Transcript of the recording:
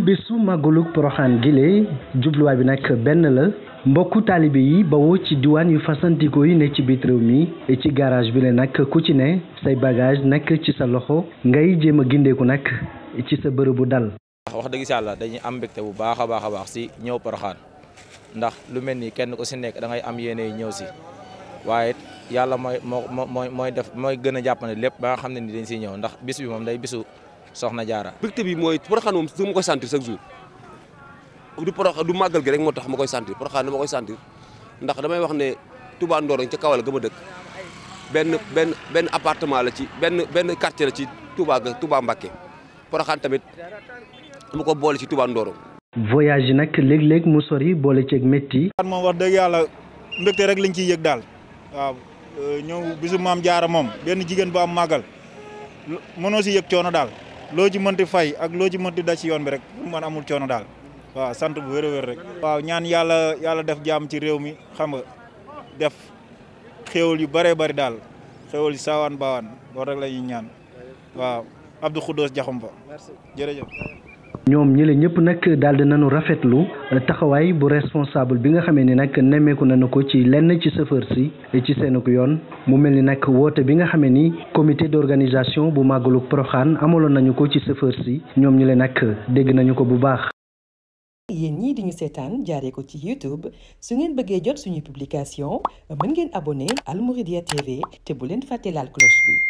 bésu màggalug poroxaan gile jubluwaay bi nag benn la mbokku taalibe yi bawoo ci diwaan yu fasantikoo yi ne ci biir réew mi ci garage bi la nag ku ci ne say bagage nag ci sa loxo ngay jéem a gindeeku nag ci sa bërëbu dal. wax dëgg si yàlla dañuy am mbégte bu baax a baax a baax si ñëw poroxaan ndax lu mel ni kenn ku si nekk dangay ngay am yéene ñëw si waaye yàlla mooy moo mooy mooy def mooy gën a jàppane lépp ba nga xam ne ni dañ siy ñëw ndax bis bi moom day bisu. soxna jaara bégte bi mooy poroxaan moom su ma koy sentir chaque jour du poroxaan du màggal gi rek moo tax ma koy sentir poroxaan dama koy sentir ndax damay wax ne Touba Ndorong ci Kaolack ga ma dëkk benn benn appartement la ci benn benn quartier la ci Touba ga Touba Mbacké tamit dama ko boole ci Touba Ndorong voyage yi nag léeg-léeg mu sori boole ceeg métti. at moom wax dëgg yàlla mbégte rek lañ ciy yëg daal waaw euh, ñëw bisu maam jaara moom benn jigéen bu am màggal mënoo si yëg coono daal. loo ci mënti fay ak loo ci mënti daj ci yoon bi rek man amul coono daal waaw sant bu wér a wér rek. waaw ñaan yàlla yàlla def jaam ci réew mi xam nga def xéewal yu bëree bari daal xéewal yu saawaan baawaan loolu rek la ñaan waaw Abdou Khoudous Diakhoumpa jërëjëf. ñoom ñi la ñëpp nag daal di nañu rafetlu taxawaay bu responsable bi nga xamee ni nag nemmeeku nañu ko ci lenn ci chauffeur si ci seenuk yoon mu mel ni nag woote bi nga xamee ni comité d'organisation bu màggalu Porokhane amaloon nañu ko ci chauffeur si ñoom ñi la nag dégg nañu ko bu baax yéen ñii di seetaan jaaree ko ci YouTube su ngeen bëggee jot suñuy publication mën ngeen abonné Al TV te bu leen fàtte laal cloche bi